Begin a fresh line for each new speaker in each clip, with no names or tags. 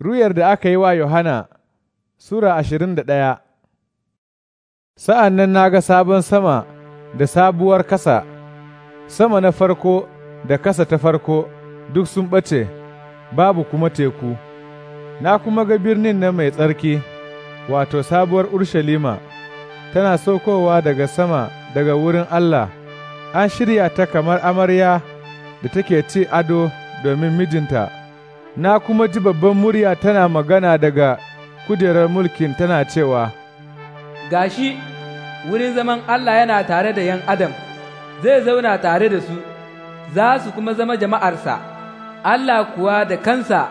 Ruyar da aka yi wa Yohana Sura ashirin da ɗaya Sa'an nan na ga sabon sama da sabuwar kasa, sama na farko da kasa ta farko duk sun ɓace, babu kuma teku. Na kuma ga birnin na mai tsarki, wato sabuwar Urshalima, tana saukowa daga sama daga wurin Allah, an shirya ta kamar amarya da take ci ado domin mijinta. na kuma ji babban murya tana magana daga kujerar mulkin tana cewa,
Gashi, wurin zaman Allah yana tare da ’yan Adam, zai zauna tare da su, za su kuma zama jama'arsa, Allah kuwa da kansa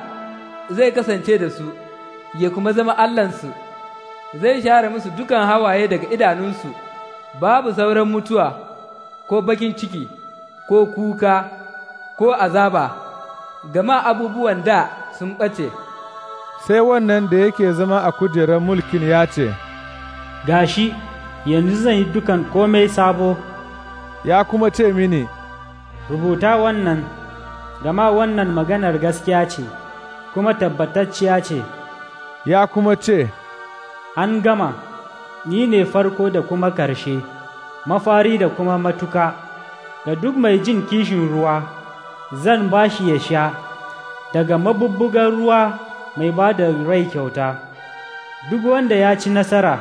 zai kasance da su, ya kuma zama Allahnsu, zai share musu dukan hawaye daga idanunsu, babu sauran mutuwa, ko bakin ciki, ko kuka, ko
azaba.
gama abubuwan da sun ɓace.
Sai wannan da yake zama a kujerar mulkin ya ce, Gashi, yanzu zan yi dukan komai sabo. Ya kuma ce mini,
Rubuta wannan, gama wannan maganar gaskiya ce, kuma tabbatacciya ce. Ya kuma ce, An gama, ni ne farko da kuma ƙarshe, mafari da kuma matuka, da duk mai jin kishin ruwa. zan ba shi ya sha daga mabubbugan ruwa mai ba da rai kyauta duk wanda ya ci nasara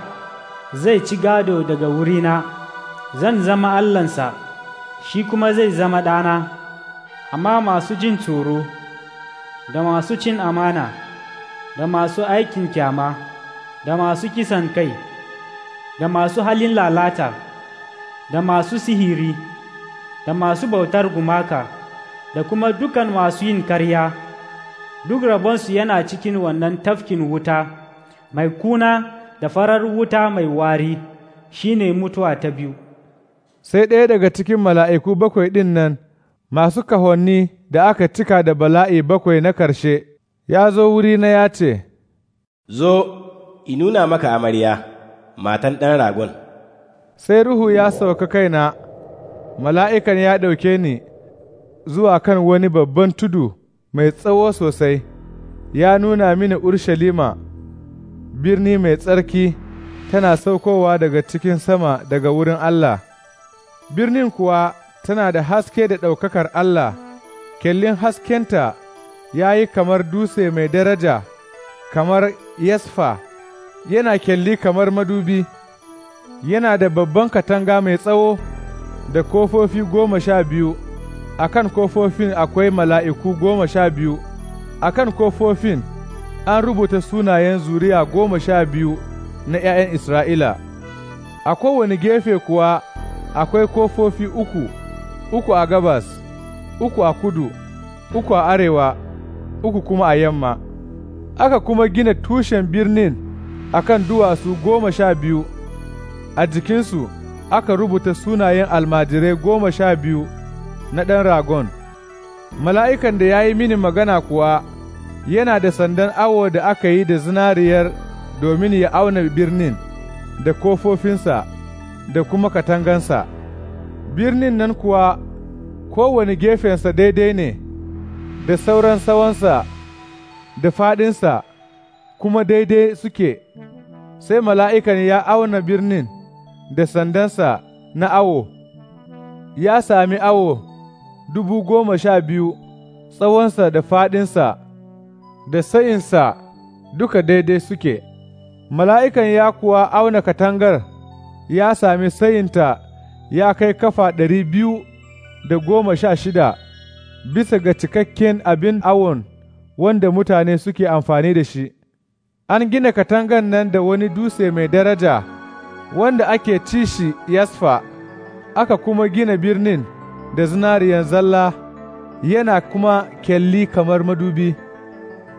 zai ci gado daga wurina zan zama allansa shi kuma zai zama ɗana amma masu jin tsoro da masu cin amana da masu aikin kyama da masu kisan kai da masu halin lalata da masu sihiri da masu bautar gumaka da kuma dukan masu yin karya, duk rabonsu yana cikin wannan tafkin wuta, mai kuna da farar wuta mai wari,
shi ne mutuwa ta biyu. Sai ɗaya daga cikin mala'iku bakwai ɗin nan, masu kahonni da aka cika da bala'i bakwai na karshe ya zo na ya ce, Zo, in nuna maka amarya, matan ɗan ragon. Sai Ruhu ya sauka kaina, mala'ikan ya ɗauke ni. zuwa kan wani babban tudu mai tsawo sosai, ya nuna mini Urshalima, birni mai tsarki, tana saukowa daga cikin sama daga wurin Allah. Birnin kuwa tana da haske da ɗaukakar Allah, kyallin haskenta ya yi kamar dutse mai daraja, kamar yasfa, yana kyalli kamar madubi, yana da babban katanga mai tsawo da kofofi goma sha biyu. a kan kofofin akwai mala'iku goma sha biyu, a kan kofofin an rubuta sunayen zuriya goma sha biyu na ’ya'yan Isra'ila, a kowane gefe kuwa akwai kofofi uku, uku a gabas, uku a kudu, uku a arewa, uku kuma a yamma. Aka kuma gina tushen birnin a kan duwatsu goma sha biyu, a jikinsu aka rubuta sunayen almajirai goma sha biyu. na ɗan ragon. Mala'ikan da ya yi mini magana kuwa yana da sandan awo da aka yi da zinariyar domin ya auna birnin da kofofinsa da kuma katangansa. Birnin nan kuwa kowane gefensa daidai ne da sauran sawansa da faɗinsa kuma daidai suke, sai mala'ikan ya auna birnin da sandansa na awo, ya sami awo dubu goma sha biyu tsawonsa da faɗinsa da sayinsa duka daidai suke, mala'ikan ya kuwa auna katangar ya sami sayinta ya kai kafa ɗari biyu da goma sha shida bisa ga cikakken abin awon wanda mutane suke amfani da shi. An gina katangar nan da wani dutse mai daraja wanda ake ci shi yasfa, aka kuma gina birnin. da zinariyar zalla yana kuma kyalli kamar madubi,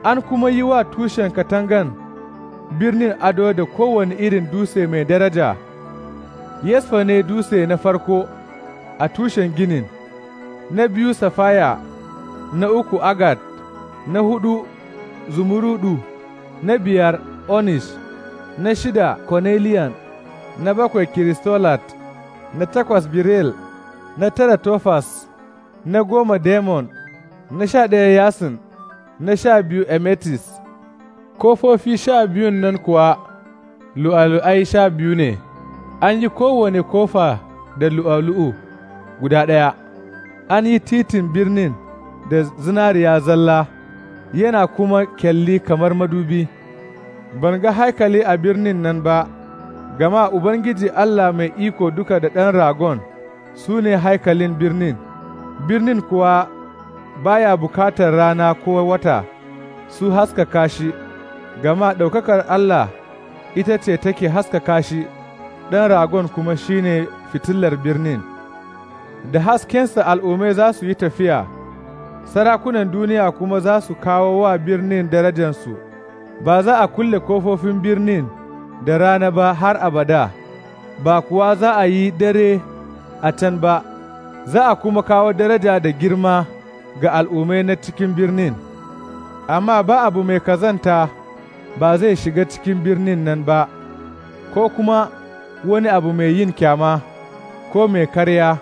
an kuma yi wa tushen katangan birnin ado da kowane irin dutse mai daraja, Yesfa ne dutse na farko a tushen ginin, na biyu safaya, na uku agat na hudu zumurudu, na biyar onish, na shida cornelian, na bakwai kiristolat, na takwas birel. na tara Tofas, na goma Demon, na sha ɗaya Yasin, na sha biyu Emetis, kofofi sha biyun nan kuwa lu'alu'ai sha biyu ne, an yi kowane kofa da lu'alu'u guda ɗaya, an yi titin birnin da zinariya zalla, yana kuma kyalli kamar madubi. Ban ga haikali a birnin nan ba, gama Ubangiji Allah mai iko duka da ɗan ragon. su ne haikalin birnin, birnin kuwa baya bukatar rana ko wata su haskaka shi, gama ɗaukakar Allah ita ce take haskaka shi, ɗan ragon kuma shi ne fitilar birnin. Da haskensa al'ummai za su yi tafiya, sarakunan duniya kuma za su kawo wa birnin darajansu, ba za a kulle kofofin birnin da rana ba har abada, ba kuwa za a yi dare a can ba, za a kuma kawo daraja da girma ga al'ummai na cikin birnin, amma ba abu mai kazanta ba zai shiga cikin birnin nan ba, ko kuma wani abu mai yin kyama ko mai karya,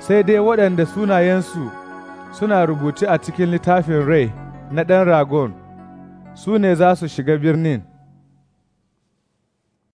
sai dai waɗanda sunayensu suna rubuce a cikin littafin rai na ɗan ragon, su ne za su shiga birnin.